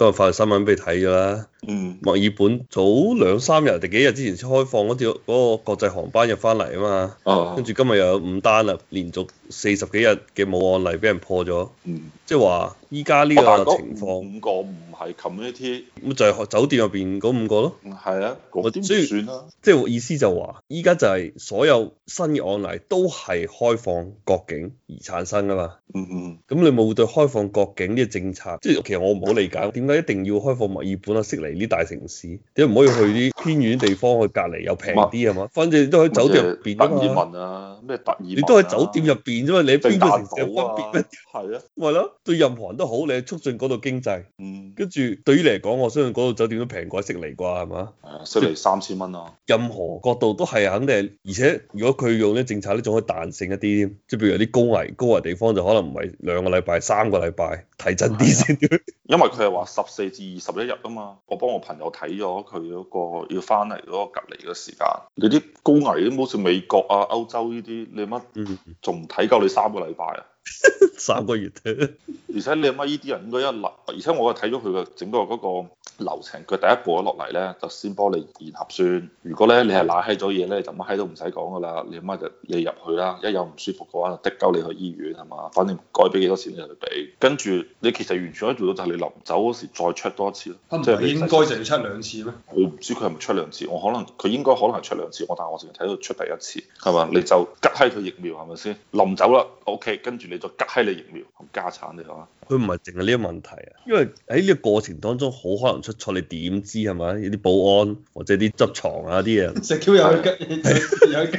今日發條新聞俾你睇咗啦，墨爾、嗯、本早兩三日定幾日之前先開放嗰條嗰個國際航班入翻嚟啊嘛，跟住、哦哦、今日又有五單啦，連續四十幾日嘅冇案例俾人破咗。嗯即係話依家呢個情況，五個唔係冚一 m t 咁就係酒店入邊嗰五個咯，嗯。係啊，點算以即係意思就話，依家就係所有新嘅案例都係開放國境而產生㗎嘛，嗯。嗯嗯。咁你有冇對開放國境呢個政策？即、就、係、是、其實我唔好理解點解一定要開放墨爾本啊，悉尼呢大城市，點解唔可以去啲偏遠地方去隔離又平啲係嘛？反正都喺酒店入邊，達爾文啊，咩達爾，你都喺酒店入邊啫嘛，你邊個城市有分別咩？係啊，咪咯，啊。 對任何人都好，你促進嗰度經濟，嗯，跟住對於你嚟講，我相信嗰度酒店都平過悉尼啩，係嘛？係、嗯、啊，悉尼三千蚊咯。任何角度都係肯定，而且如果佢用呢政策咧，仲可以彈性一啲，即係譬如有啲高危高危地方就可能唔係兩個禮拜，三個禮拜。睇真啲先，因為佢係話十四至二十一日啊嘛。我幫我朋友睇咗佢嗰個要翻嚟嗰個隔離嘅時間。你啲高危都好似美國啊、歐洲呢啲，你乜仲唔睇夠你三個禮拜啊？ 三個月啊、嗯！ 而且你乜呢啲人應該一立，而且我又睇咗佢嘅整個嗰個。流程佢第一步落嚟咧，就先幫你驗核酸。如果咧你係瀨嘿咗嘢咧，就乜閪都唔使講噶啦，你媽就你入去啦。一有唔舒服嘅話，就的鳩你去醫院係嘛？反正該俾幾多錢你就俾。跟住你其實完全可以做到，就係你臨走嗰時再 check 多一次咯。啊、即係應該就要 check 兩次咩？我唔知佢係咪出兩次，我可能佢應該可能係出兩次，我但係我淨係睇到出第一次係嘛？你就吉嘿佢疫苗係咪先？臨走啦，OK，跟住你再吉嘿你疫苗，家產你係嘛？佢唔係淨係呢個問題啊，因為喺呢個過程當中好可能。你點知係咪？有啲保安或者啲執床啊啲嘢，石橋又去吉，又吉，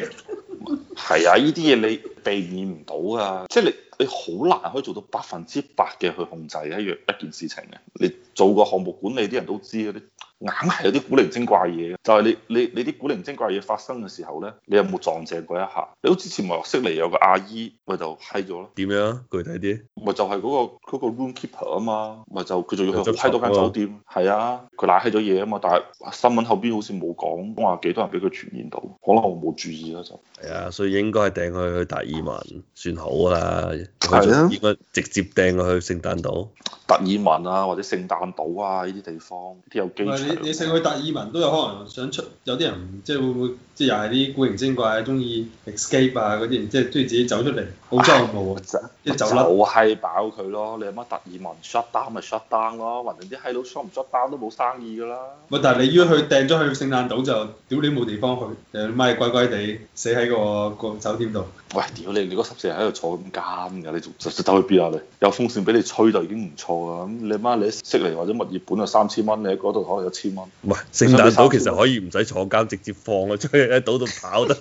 係啊！依啲嘢你避免唔到㗎，即係你。你好難可以做到百分之百嘅去控制一樣一件事情嘅。你做個項目管理啲人都知啊，你硬係有啲古靈精怪嘢。就係你你你啲古靈精怪嘢發生嘅時候咧，你有冇撞正嗰一下？你好之前咪識嚟有個阿姨，咪就閪咗咯。點樣具體啲？咪就係嗰個 room keeper 啊嘛，咪就佢仲要去閪了多間酒店。係啊，佢賴閪咗嘢啊嘛，但係新聞後邊好似冇講話幾多人俾佢傳染到，可能我冇注意啦就。係啊，所以應該係掟佢去第二問算好啦。係啊，應該直接掟落去聖誕島、達爾文啊，或者聖誕島啊呢啲地方，啲有機場啊。唔係你，你成去達爾文都有可能想出，有啲人即係會唔會？即係又係啲古靈精怪，中意、e、escape 啊嗰啲，即係中意自己走出嚟。澳洲冇啊，即係唉走啦，就係飽佢咯，你阿媽特爾文 shut down 咪 shut down 咯，雲啲閪佬 shut 唔 shut down 都冇生意噶啦。唔但係你要果去掟咗去聖誕島就屌你冇地方去，誒咪乖乖地死喺個個酒店度。喂，屌你！你嗰十四日喺度坐咁監㗎，你仲仲走去邊啊你？有風扇俾你吹就已經唔錯啦。咁你阿媽你悉尼或者墨爾本啊三千蚊，你喺嗰度可能一千蚊。喂，係聖誕島其實可以唔使坐監，直接放啊出去 喺島度跑得，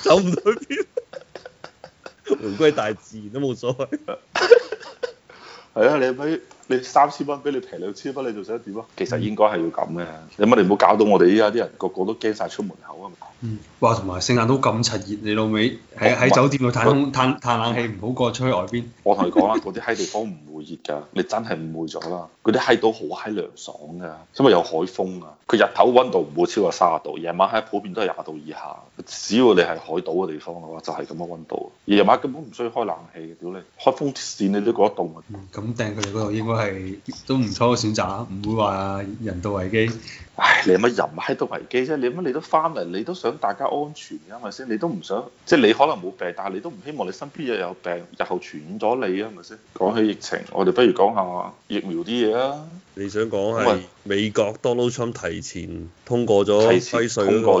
走唔到去邊，回歸大自然都冇所謂。係啊，你不如～你三千蚊俾你平兩千蚊，你做死得點啊？其實應該係要咁嘅，你乜你唔好搞到我哋依家啲人個個都驚晒出門口啊！嗯，哇，同埋聖誕都咁柒熱你老味喺喺酒店度嘆空嘆我冷氣唔好過出去外邊。我同你講啊，嗰啲閪地方唔會熱㗎， 你真係誤會咗啦。嗰啲閪島好閪涼爽㗎，因為有海風啊。佢日頭溫度唔會超過卅度，夜晚黑普遍都係廿度以下。只要你係海島嘅地方嘅話，就係咁嘅溫度。夜晚根本唔需要開冷氣，屌你開風扇你都覺得凍、嗯。嗯，咁掟佢哋嗰度應該。係都唔錯嘅選擇，唔會話人道危機。唉，你乜人喺度危機啫？你乜你都翻嚟，你都想大家安全嘅嘛先？你都唔想，即係你可能冇病，但係你都唔希望你身邊又有病，日後傳染咗你啊，係咪先？講起疫情，我哋不如講,講下疫苗啲嘢啊。你想講係美國 Donald Trump 喂提前通過咗規稅嗰個？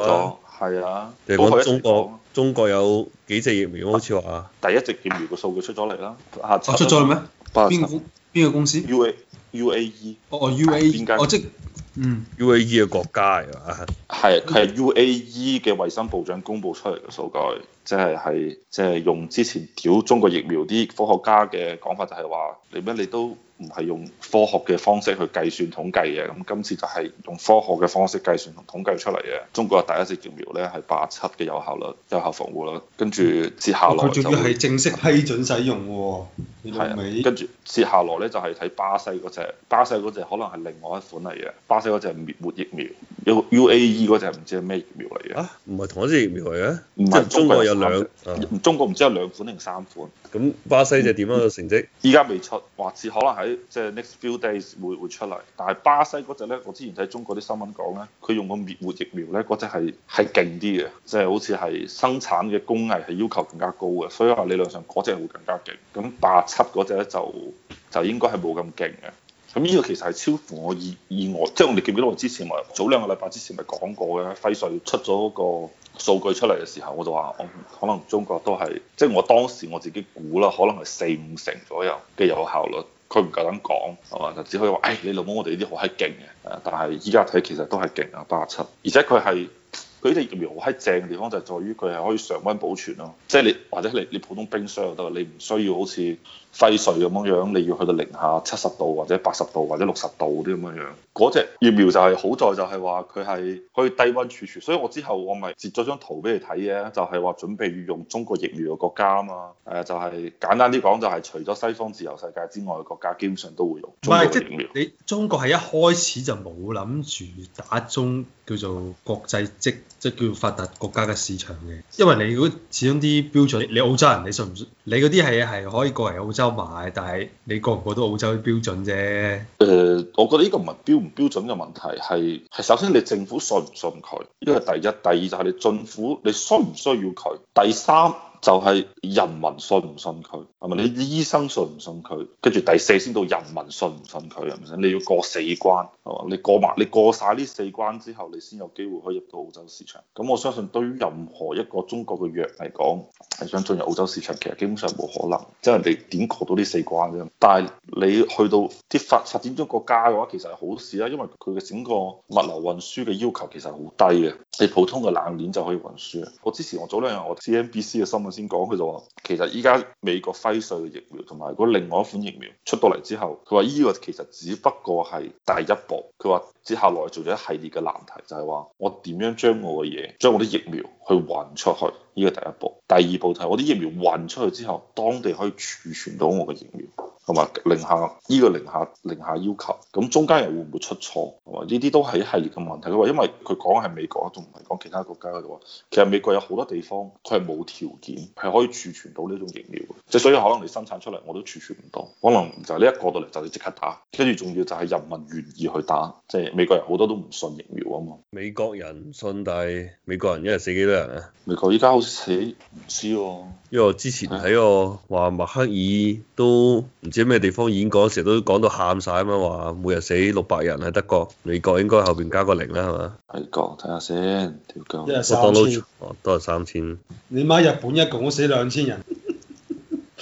係話啊。嚟講中國，中國有幾隻疫苗好似話啊？第一隻疫苗嘅數據出咗嚟啦。啊出咗啦咩？邊股？邊個公司？U A U A E 哦。哦，U A E 邊間？哦，即係嗯。U A E 嘅國家係嘛？係係 U A E 嘅衛生部長公布出嚟嘅數據，即係係即係用之前屌中國疫苗啲科學家嘅講法就，就係話你咩你都。唔係用科學嘅方式去計算統計嘅，咁今次就係用科學嘅方式計算同統計出嚟嘅。中國第一隻疫苗咧係八七嘅有效率、有效防護率，跟住接下來佢仲、啊、要係正式批准使用喎。係啊，跟住、啊、接，接下來咧就係睇巴西嗰隻，巴西嗰隻可能係另外一款嚟嘅。巴西嗰隻係滅活疫苗，UAE 嗰隻唔知係咩疫苗嚟嘅。嚇、啊，唔係同一隻疫苗嚟嘅。唔係是中國有兩，中國唔、啊、知有兩款定三款。咁巴西隻點樣嘅成績？依家未出，哇！只可能係。即係 next few days 會會出嚟，但係巴西嗰隻咧，我之前睇中國啲新聞講咧，佢用個滅活疫苗咧，嗰隻係係勁啲嘅，即係好似係生產嘅工藝係要求更加高嘅，所以話理論上嗰隻會更加勁。咁八七嗰隻咧就就應該係冇咁勁嘅。咁呢個其實係超乎我意意外，即係我哋記唔記得我之前咪早兩個禮拜之前咪講過嘅？輝瑞出咗嗰個數據出嚟嘅時候，我就話我可能中國都係，即係我當時我自己估啦，可能係四五成左右嘅有效率。佢唔夠膽講，係嘛？就只可以話，誒、哎，你老母，我哋呢啲好閪勁嘅，但係依家睇其實都係勁啊八七，87，而且佢係佢呢啲疫苗好閪正嘅地方就係在於佢係可以常溫保存咯，即係你或者你你普通冰箱就得喇，你唔需要好似。廢水咁樣樣，你要去到零下七十度或者八十度或者六十度啲咁樣樣，嗰、那、隻、個、疫苗就係、是、好在就係話佢係可以低溫儲存，所以我之後我咪截咗張圖俾你睇嘅，就係、是、話準備用中國疫苗嘅國家啊嘛，誒就係、是、簡單啲講就係、是、除咗西方自由世界之外嘅國家，基本上都會用中國疫苗。就是、你中國係一開始就冇諗住打中叫做國際即即、就是、叫做發達國家嘅市場嘅，因為你如果始終啲標準你，你澳洲人你信唔信？你嗰啲係係可以過嚟澳。過過澳洲買，但係你覺唔覺得澳洲標準啫。誒、呃，我覺得呢個唔係標唔標準嘅問題，係係首先你政府信唔信佢，呢個第一；第二就係你政府你需唔需要佢；第三。就係人民信唔信佢，係咪？你醫生信唔信佢？跟住第四先到人民信唔信佢，係咪？你要過四關，係嘛？你過埋你過曬呢四關之後，你先有機會可以入到澳洲市場。咁我相信對於任何一個中國嘅藥嚟講，係想進入澳洲市場，其實基本上冇可能，即係人哋點過到呢四關啫。但係你去到啲發發展中國家嘅話，其實係好事啦，因為佢嘅整個物流運輸嘅要求其實好低嘅，你普通嘅冷鏈就可以運輸。我之前我早兩日我 CNBC 嘅新聞。先講佢就話，其實依家美國輝瑞嘅疫苗同埋另外一款疫苗出到嚟之後，佢話呢個其實只不過係第一步。佢話接下來做咗一系列嘅難題，就係話我點樣將我嘅嘢，將我啲疫苗去運出去，呢個第一步。第二步就係我啲疫苗運出去之後，當地可以儲存到我嘅疫苗，同埋零下呢個零下零下要求，咁中間人會唔會出錯，同埋呢啲都係一系列嘅問題。佢話因為佢講係美國，仲唔係講其他國家嗰度啊？其實美國有好多地方佢係冇條件。係可以儲存到呢種疫苗嘅，即係所以可能你生產出嚟，我都儲存唔到。可能就呢一個到嚟，就要即刻打。跟住仲要就係人民願意去打，即係美國人好多都唔信疫苗啊嘛。美國人信，但係美國人一日死幾多人啊？美國依家好似死唔知喎。因為我之前喺個話麥克爾都唔知咩地方演講，成日都講到喊晒啊嘛，話每日死六百人喺德國，美國應該後邊加個零啦係嘛？係講睇下先，條姜、哦、都錯，都係三千。你媽日本一共都死兩千人，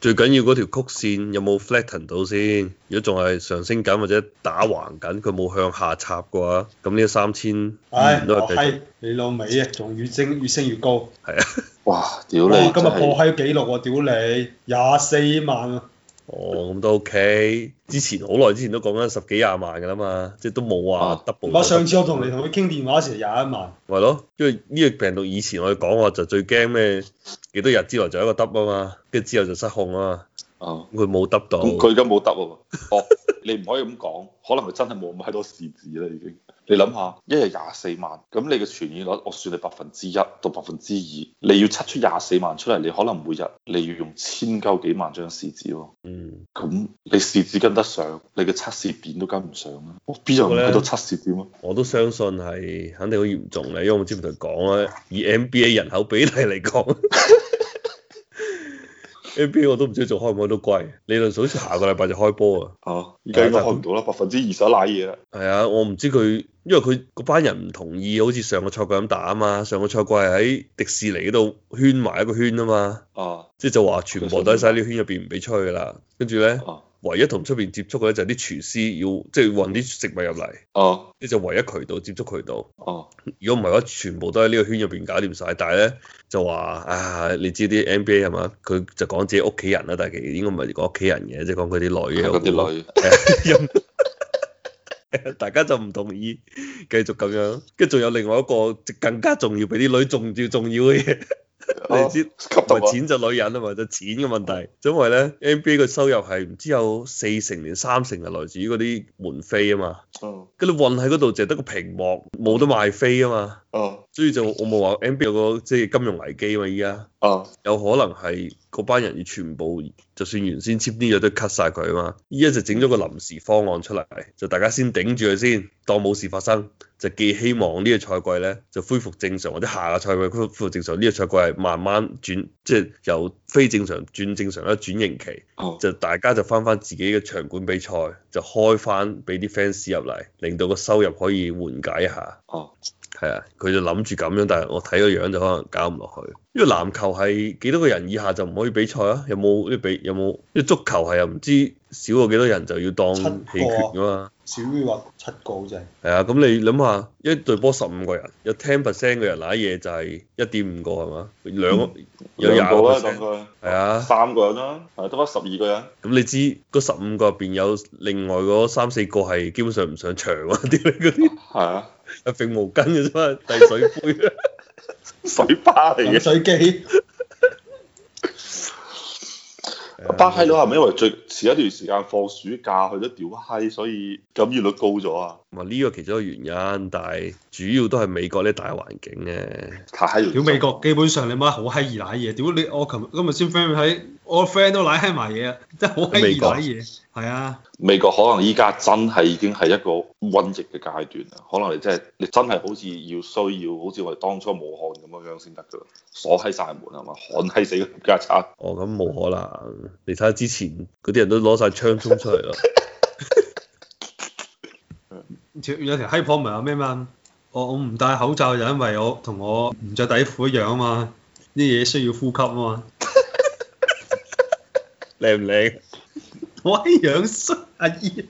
最緊要嗰條曲線有冇 flatten 到先？如果仲係上升緊或者打橫緊，佢冇向下插嘅話，咁呢三千，唉、嗯，你老味啊，仲越升越升越高，係啊。哇！屌你，今日破閪紀錄啊，屌你是，廿四萬啊！哦，咁都 OK。之前好耐之前都講緊十幾廿萬噶啦嘛，即係都冇話 double。我、啊啊、上次我同你同佢傾電話時，廿一萬。係咯，因為呢個病毒以前我哋講話就最驚咩？幾多日之內就一個 double 啊嘛，跟住之後就失控啊，啊嘛。啊，佢冇 double。佢而家冇 double。哦，你唔可以咁講，可能佢真係冇咁閪多士氣咧，已經。你諗下，一日廿四萬，咁你嘅存現率，我算你百分之一到百分之二，你要測出廿四萬出嚟，你可能每日你要用千鳩幾萬張試紙，嗯，咁你試紙跟得上，你嘅測試點都跟唔上啦，邊有人去到測試點啊？我都相信係，肯定好嚴重啦，因為我之前就講啦，以 NBA 人口比例嚟講。 NBA 我都唔知仲開唔開到貴，理論上好似下個禮拜就開波啊！嚇但，依家應該開唔到啦，百分之二十瀨嘢啦。係啊，我唔知佢，因為佢個班人唔同意，好似上個賽季咁打啊嘛。上個賽季喺迪士尼度圈埋一個圈啊嘛。啊，即係就話全部都喺曬呢個圈入邊唔俾出去啦。跟住咧，啊唯一同出邊接觸嘅咧，就係啲廚師要即係運啲食物入嚟，呢、oh. 就唯一渠道接觸渠道。哦，如果唔係嘅話，全部都喺呢個圈入邊搞掂晒。但係咧就話啊，你知啲 NBA 係嘛？佢就講自己屋企人啦，但係其實應該唔係講屋企人嘅，即係講佢啲女、啲女，大家就唔同意，繼續咁樣。跟住仲有另外一個更加重要，比啲女仲要重要嘅嘢。 你知道、啊、吸毒啊？錢就女人啊嘛，就是，錢嘅問題。因為咧，NBA 嘅收入係唔知有四成連三成係來自於嗰啲門飛啊嘛。嗯。咁你運喺嗰度淨係得個屏幕，冇得賣飛啊嘛。哦，oh. 所以就我冇話 NBA 有個即係金融危機嘛，依家，哦，有可能係嗰班人要全部，就算原先簽啲嘢都 cut 晒佢啊嘛，依家就整咗個臨時方案出嚟，就大家先頂住佢先，當冇事發生，就寄希望個呢個賽季咧就恢復正常，或者下個賽季恢恢復正常，呢個賽季係慢慢轉，即係由非正常轉正常嘅轉型期，oh. 就大家就翻翻自己嘅場館比賽，就開翻俾啲 fans 入嚟，令到個收入可以緩解一下，哦。係啊，佢就諗住咁樣，但係我睇個樣子就可能搞唔落去。因為籃球係幾多個人以下就唔可以比賽啊？有冇啲比？有冇啲足球係又唔知少過幾多人就要當棄權噶嘛？少於話七個啫。係啊，咁你諗下，一隊波十五個人，有 ten percent 嘅人攋嘢就係一點五個係嘛？兩兩個 percent，係啊，三個人啦，係得翻十二個人。咁你知嗰十五個入邊有另外嗰三四個係基本上唔上場啲嗰啲，係啊，甩毛巾嘅啫，遞水杯，水巴嚟嘅，水機。但係，你係咪因為最遲一段時間放暑假去咗屌閪，所以感染率，率高咗啊？唔係，呢個其中一個原因，但係主要都係美國呢大環境嘅。屌美國基本上你媽好閪易賴嘢，屌你我琴日今日先 friend 喺，我 friend 都賴閪埋嘢啊，真係好閪易賴嘢。係啊，美國可能依家真係已經係一個瘟疫嘅階段啦，可能你真係你真係好似要需要，好似我哋當初武漢咁樣先得㗎咯，鎖喺晒門係嘛，寒閪死家產。哦，咁冇可能，你睇下之前嗰啲人都攞晒槍衝出嚟咯。 有條閪婆唔係話咩嘛？我我唔戴口罩就因為我同我唔着底褲一樣啊嘛，啲嘢需要呼吸啊嘛。靚唔靚？喂，養叔阿姨，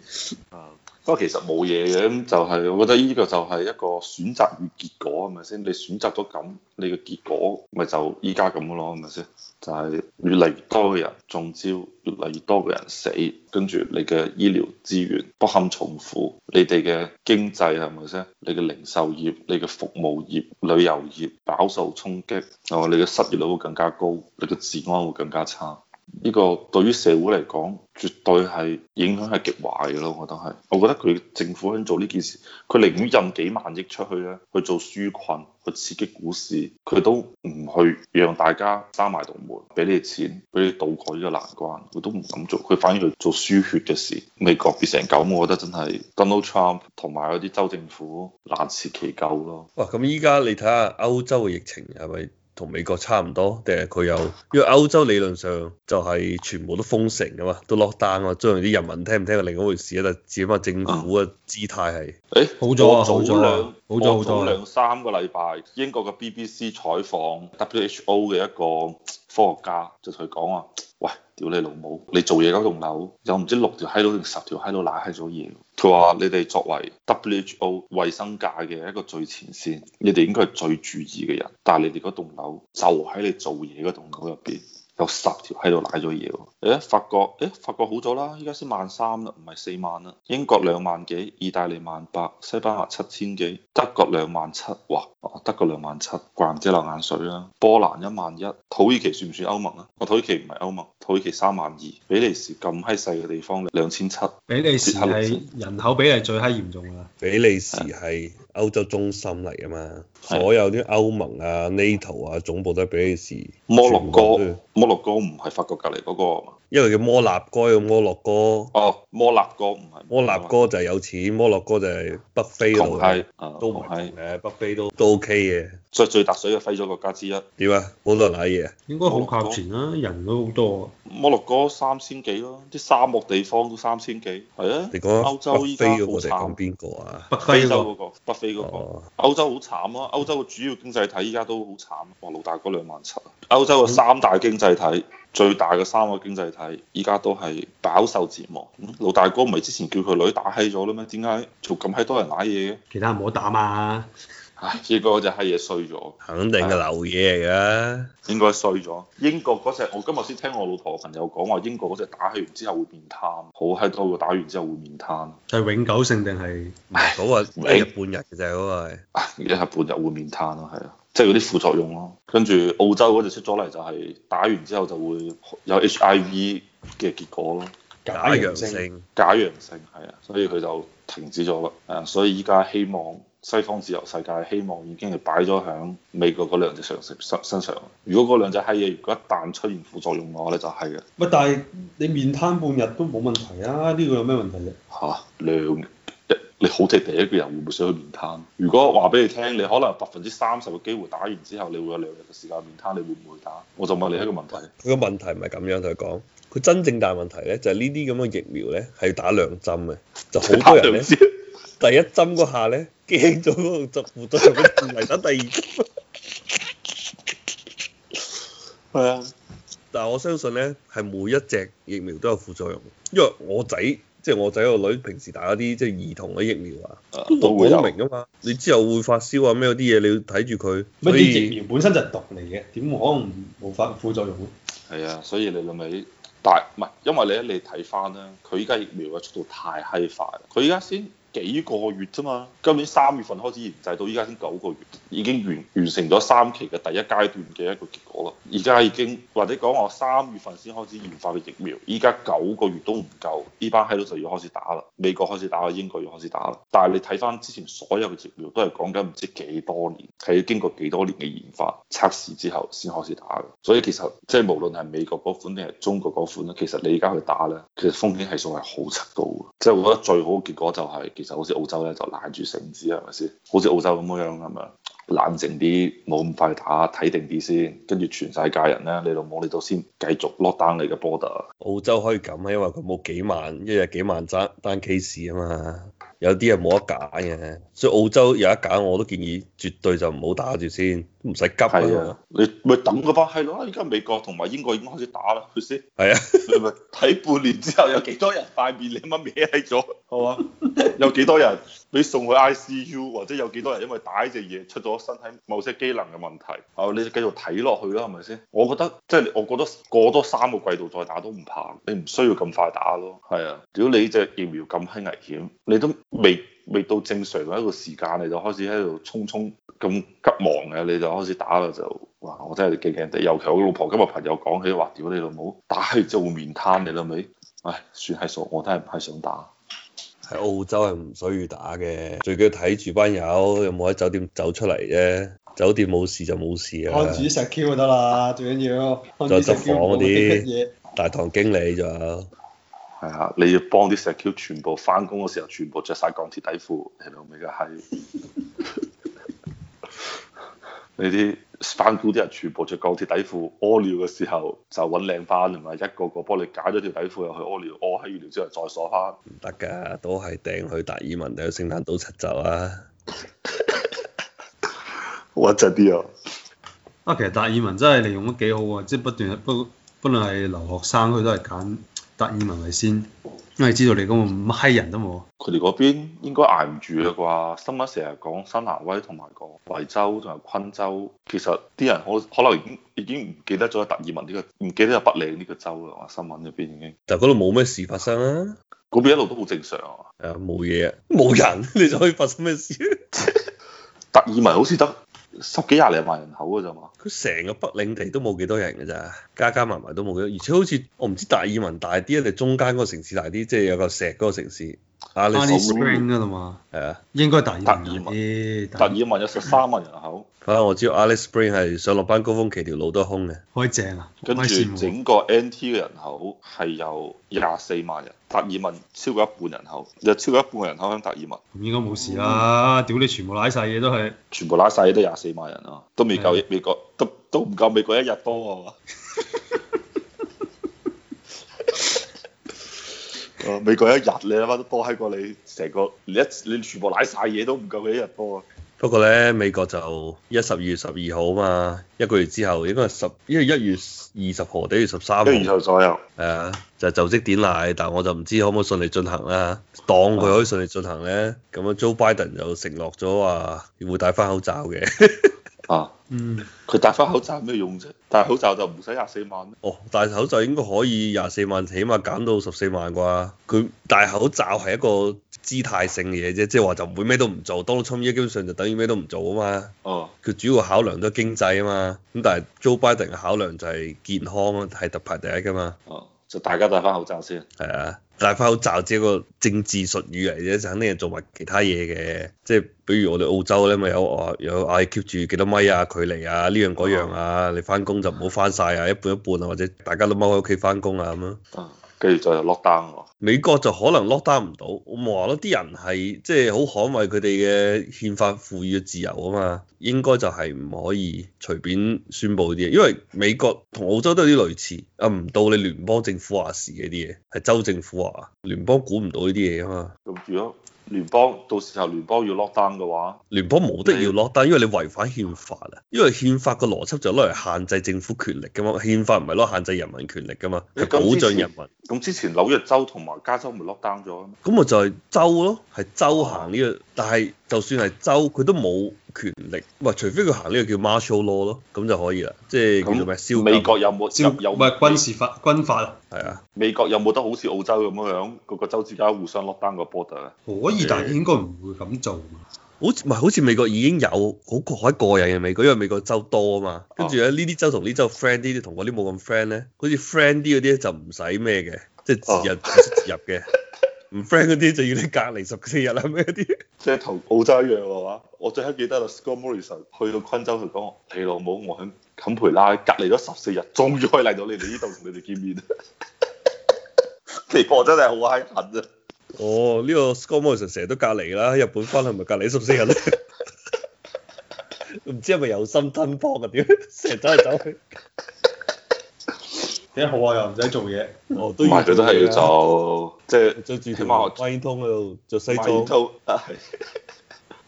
啊，不過其實冇嘢嘅，咁就係我覺得呢個就係一個選擇與結果，係咪先？你選擇咗咁，你嘅結果咪就依家咁嘅咯，係咪先？就係越嚟越多嘅人中招，越嚟越多嘅人死，跟住你嘅醫療資源不堪重負，你哋嘅經濟係咪先？你嘅零售業、你嘅服務業、旅遊業飽受衝擊，哦，你嘅失業率會更加高，你嘅治安會更加差。呢個對於社會嚟講，絕對係影響係極壞嘅咯。我覺得係，我覺得佢政府想做呢件事，佢寧願印幾萬億出去咧，去做紓困，去刺激股市，佢都唔去讓大家閂埋道門，俾你錢俾你渡過呢個難關，佢都唔敢做。佢反而去做輸血嘅事。美國變成咁，我覺得真係 Donald Trump 同埋嗰啲州政府難辭其咎咯。哇！咁依家你睇下歐洲嘅疫情係咪？是同美國差唔多，定係佢有？因為歐洲理論上就係全部都封城噶嘛，都落單啊，將啲人民聽唔聽到另一回事、哎、啊，但至於話政府嘅姿態係誒好咗了啊，好咗啊，好咗好咗。兩三個禮拜，了英國嘅 BBC 採訪 WHO 嘅一個科學家就同佢講話，喂，屌你老母！你做嘢嗰棟樓又唔知六條喺度定十條喺度，懶喺咗嘢。佢話：他說你哋作為 WHO 衛生界嘅一個最前線，你哋應該係最注意嘅人，但係你哋嗰棟樓就喺你做嘢嗰棟樓入邊。有十條喺度舐咗嘢喎，誒法國，誒法國好咗啦，依家先萬三啦，唔係四萬啦，英國兩萬幾，意大利萬八，西班牙七千幾，德國兩萬七，哇，德國兩萬七，怪唔知流眼水啦，波蘭一萬一，土耳其算唔算歐盟啊？個土耳其唔係歐盟，土耳其三萬二，比利時咁閪細嘅地方兩千七，00，比利時係人口比例最閪嚴重啊，比利時係。歐洲中心嚟㗎嘛，的所有啲歐盟啊、NATO 啊總部都喺比利時。摩洛哥，摩洛哥唔係法國隔籬嗰、那個？一個叫摩納哥，一個摩洛哥。哦，摩納哥唔係。摩納哥就係有錢，摩洛哥就係北非都唔係，都唔係，誒，北非都都 OK 嘅，最最特水嘅非洲國家之一。點啊？好多人睇嘢，應該好靠前啦，人都好多。摩洛哥三千幾咯，啲沙漠地方都三千幾。係啊。你講歐洲依家好慘邊個啊？北非嗰個。北非嗰個。哦。歐洲好慘啊！歐洲個主要經濟體依家都好慘。哇，老大哥兩萬七。歐洲個三大經濟體。最大嘅三個經濟體，依家都係飽受折磨。老、嗯、大哥唔係之前叫佢女打閪咗啦咩？點解做咁閪多人打嘢嘅？其他人唔好打嘛。唉、哎，結果嗰隻閪嘢衰咗。肯定係流嘢嚟嘅，應該衰咗。英國嗰隻，我今日先聽我老婆朋友講話，英國嗰隻打閪完之後會面癱，好閪多個打完之後會面癱。係永久性定係？唉、那個，嗰、哎、呀個一日半日嘅啫，嗰、哎、呀永個一日、哎、半日會面癱咯，係啊。即係有啲副作用咯、啊，跟住澳洲嗰隻出咗嚟就係打完之後就會有 HIV 嘅結果咯、啊，假陽性，假陽性係啊，所以佢就停止咗啦。啊，所以依家希望西方自由世界希望已經係擺咗喺美國嗰兩隻常識身上。如果嗰兩隻閪嘢如果一旦出現副作用嘅話咧，就係、是、嘅。喂，但係你面癱半日都冇問題啊，呢、這個有咩問題啫、啊？吓、啊？兩。你好似第一個人會唔會想去面癱？如果話俾你聽，你可能百分之三十嘅機會打完之後，你會有兩日嘅時間面癱，你會唔會打？我就問你一個問題。佢嘅問題唔係咁樣同佢講，佢真正大問題咧就係呢啲咁嘅疫苗咧係打兩針嘅，就好多人咧 第一針嗰下咧驚咗個副作用，唔打第二針。係啊，但係我相信咧，係每一隻疫苗都有副作用，因為我仔。即係我仔個女平時打嗰啲即係兒童嘅疫苗啊，都讀唔明㗎嘛！你之後會發燒啊咩嗰啲嘢，你要睇住佢。乜？啲疫苗本身就係毒嚟嘅，點可能冇發副作用咧？係啊，所以你諗起大唔係因為你？你睇翻啦，佢依家疫苗嘅速度太閪快啦，佢依家先。幾個月啫嘛，今年三月份開始研製到依家先九個月，已經完完成咗三期嘅第一階段嘅一個結果啦。而家已經或者講我三月份先開始研發嘅疫苗，依家九個月都唔夠，呢班閪都就要開始打啦。美國開始打啦，英國要開始打啦。但係你睇翻之前所有嘅疫苗都係講緊唔知幾多年，係要經過幾多年嘅研發測試之後先開始打嘅。所以其實即係無論係美國嗰款定係中國嗰款咧，其實你而家去打咧，其實風險係數係好高嘅。即係我覺得最好嘅結果就係。其實好似澳洲咧，就攔住繩子啊，係咪先？好似澳洲咁樣咁啊，冷靜啲，冇咁快打，睇定啲先，跟住全世界人咧，你度冇，你度先繼續落單你嘅 border。澳洲可以咁啊，因為佢冇幾萬一日幾萬單 case 啊嘛。有啲係冇得揀嘅，所以澳洲有一揀，我都建議絕對就唔好打住先。唔使急啊！吧你咪等嗰班係咯，而家、啊、美國同埋英國已經開始打啦，佢先。係是啊是是，你咪睇半年之後有幾多人塊面你媽歪曬咗？好啊，有幾多人俾 送去 I C U，或者有幾多人因為打呢隻嘢出咗身體某些機能嘅問題？哦，你繼續睇落去啦，係咪先？我覺得即係、就是、我覺得過多三個季度再打都唔怕，你唔需要咁快打咯。係啊，屌、啊、你隻疫苗咁輕危險，你都未。未到正常嘅一個時間，你就開始喺度匆匆咁急忙嘅，你就開始打啦就，哇！我真係驚驚哋，尤其我老婆今日朋友講起話，屌你老母，打去做面癱你老味，唉、哎，算係數，我真係唔係想打。喺澳洲係唔需要打嘅，最緊要睇住班友有冇喺酒店走出嚟啫，酒店冇事就冇事啊。按住石 Q 就得啦，最緊要。再執房嗰啲。大堂經理仲係啊！你要幫啲石橋全部翻工嘅時候，全部着晒鋼鐵底褲，係度咩嘅閪？啊、 你啲翻工啲人全部着鋼鐵底褲屙尿嘅時候就，就揾靚班同埋一個個幫你解咗條底褲入去屙尿，屙喺完尿之後再鎖翻。唔得㗎，都係掟去達爾文定去聖誕島出走啊！核突啲啊！啊，其實達爾文真係利用得幾好啊！即係不斷不，無論係留學生佢都係揀。達爾文為先，因為知道你咁乜閪人都冇，佢哋嗰邊應該捱唔住嘅啩。新聞成日講新南威同埋講維州同埋昆州，其實啲人可可能已經已經唔記得咗達爾文呢個，唔記得有北領呢個州啦。新聞入邊已經，但係嗰度冇咩事發生啊，嗰邊一路都好正常啊，係冇嘢，冇人，你就可以發生咩事？達 爾文好似得。十幾廿零萬人口嘅啫嘛，佢成個北領地都冇幾多人嘅咋，加加埋埋都冇幾多，而且好似我唔知大爾文大啲定中間嗰個城市大啲，即係有嚿石嗰個城市，啊你講、哦，Alice Spring 嘅啦嘛，係啊，應該大爾文，大爾文有十三萬人口。我知道 Alice Spring 係上落班高峰期條路都空嘅，開正啊！跟住整個 NT 嘅人口係有廿四萬人，達爾文超過一半人口，又超過一半人口喺達爾文，應該冇事啦。嗯、屌你全部拉晒嘢都係，全部拉晒嘢都廿四萬人的啊，都未夠，美國都都唔夠，美國一日多啊嘛。美國一日你諗都多喺過你成個，你一你全部拉晒嘢都唔夠佢一日多啊？不過呢，美國就一十二月十二號嘛，一個月之後應該十，因為一月二十號，等於十三號，一月後左右，啊、就是、就職典禮，但我就唔知可唔可以順利進行啦、啊。當佢可以順利進行呢，咁樣、啊、Joe Biden 就承諾咗話會戴翻口罩嘅。 啊嗯，佢戴翻口罩有咩用啫？戴口罩就唔使廿四萬哦，戴口罩應該可以廿四萬，起碼減到十四萬啩。佢戴口罩係一個姿態性嘅嘢啫，即係話就唔會咩都唔做。當到 Trump，基本上就等於咩都唔做啊嘛。哦。佢主要考量都係經濟啊嘛。咁但係 Joe Biden 嘅考量就係健康啊，係特排第一噶嘛。哦。就大家戴翻口罩先，係啊，戴翻口罩即係一個政治術語嚟啫，肯定係做埋其他嘢嘅。即係比如我哋澳洲咧，咪有有 I keep 住幾多米啊距離啊呢樣嗰樣啊，啊你翻工就唔好翻晒啊，一半一半啊，或者大家都踎喺屋企翻工啊咁樣啊。跟住、啊、就 lockdown。美國就可能 lockdown 唔到，我話咯，啲人係即係好捍衞佢哋嘅憲法賦予嘅自由啊嘛，應該就係唔可以隨便宣佈啲嘢，因為美國同澳洲都有啲類似，啊唔到你聯邦政府話事嘅啲嘢，係州政府話，聯邦估唔到呢啲嘢啊嘛。咁如果聯邦到時候聯邦要 lockdown 嘅話，聯邦冇得要 lockdown，因為你違反憲法啦，因為憲法個邏輯就攞嚟限制政府權力㗎嘛，憲法唔係攞限制人民權力㗎嘛，係保障人民。咁之，之前紐約州同埋。加州咪 lock down 咗？咁咪、嗯、就係州咯，係州行呢、呢個。但係就算係州，佢都冇權力。喂，除非佢行呢個叫 martial law 咯，咁就可以啦。即係叫做咩？消美國有冇消有唔係軍事法軍法啊？係啊，美國有冇得好似澳洲咁樣樣嗰個州之間互相 lock down 個 border 啊？可以，是但係應該唔會咁做。好似唔係，好似美國已經有好過喺個人嘅美國，因為美國州多啊嘛。跟住咧、啊，呢啲、啊、州同呢州 friendly, friend 啲，同嗰啲冇咁 friend 咧，好似 friend 啲嗰啲就唔使咩嘅。即係自入，自入嘅唔 friend 嗰啲就要你隔離十四日啦，咩啲？即係同澳洲一樣啊嘛！我最記得啦，Scott、e、Morrison 去到昆州，佢講：，你老母，我喺堪培拉隔離咗十四日，終於可以嚟到你哋呢度同你哋見面啦！你 講真係好嗨粉啊！哦，呢、這個 Scott、e、Morrison 成日都隔離啦，日本翻去係咪隔離十四日咧？唔 知係咪有心吞波啊？屌，成日走嚟走去。一、欸、好啊，又唔使做嘢，唔係佢都係要、啊、要做，啊、即係著住條威爾通喺度著西裝。 啊，係，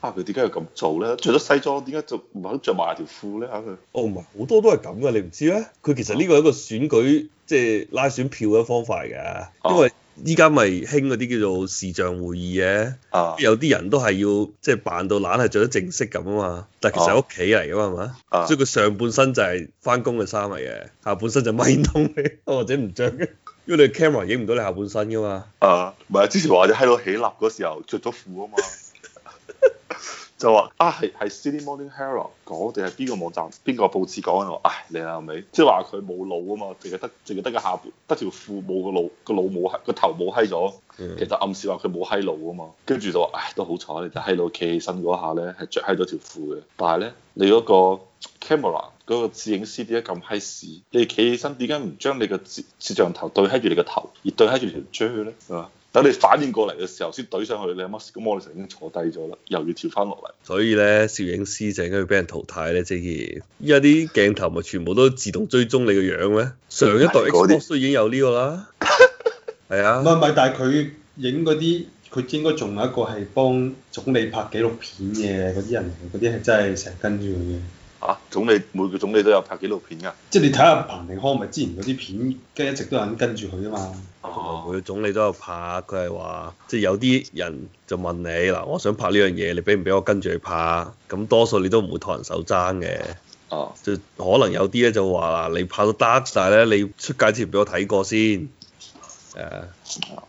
阿佢點解要咁做咧？著咗西裝點解就唔肯着埋條褲咧？嚇、啊、佢。哦，唔係，好多都係咁嘅，你唔知咩？佢其實呢個係一個選舉即係拉選票嘅方法嘅。因為、啊。依家咪興嗰啲叫做視像會議嘅，啊、有啲人都係要即係、就是、扮到懶係着得正式咁啊嘛，但係其實喺屋企嚟噶嘛，啊、所以佢上半身就係翻工嘅衫嚟嘅，下半身就咪通嘅，或者唔着嘅，因為你 camera 影唔到你下半身噶嘛。啊，唔係啊，之前話你喺度起立嗰時候着咗褲啊嘛。 就話啊係係 City Morning Herald 講定係邊個網站邊個報紙講嘅唉，你後尾即係話佢冇腦啊嘛，淨係得淨係得個下，得條褲冇個腦，個腦冇閪，個頭冇閪咗。其實暗示話佢冇閪腦啊嘛。跟住就話唉、哎，都好彩你就閪佬企起身嗰下咧係着閪咗條褲嘅，但係咧你嗰個 camera 嗰個攝影師點解咁閪屎？你企起身點解唔將你個攝攝像頭對閪住你個頭，而對閪住條蕉咧係嘛？等你反應過嚟嘅時候先懟上去，你有乜咁我哋成已經坐低咗啦，又要跳翻落嚟。所以咧，攝影師梗係要俾人淘汰咧，即係依家啲鏡頭咪全部都自動追蹤你個樣咩？嗯、上一代 Xbox 已經有呢個啦，係 啊。唔係唔係，但係佢影嗰啲，佢應該仲有一個係幫總理拍紀錄片嘅嗰啲人，嗰啲係真係成日跟住佢嘅。嚇、啊，總理每個總理都有拍紀錄片㗎。即係你睇下彭定康，咪之前嗰啲片，跟一直都有人跟住佢啊嘛。哦，每個總理都有拍，佢係話，即係、啊、有啲、就是、人就問你嗱，我想拍呢樣嘢，你俾唔俾我跟住去拍？咁多數你都唔會托人手踭嘅。哦、啊。就可能有啲咧就話你拍到得，但係咧你出介紹出街之前俾我睇過先。誒、啊。啊。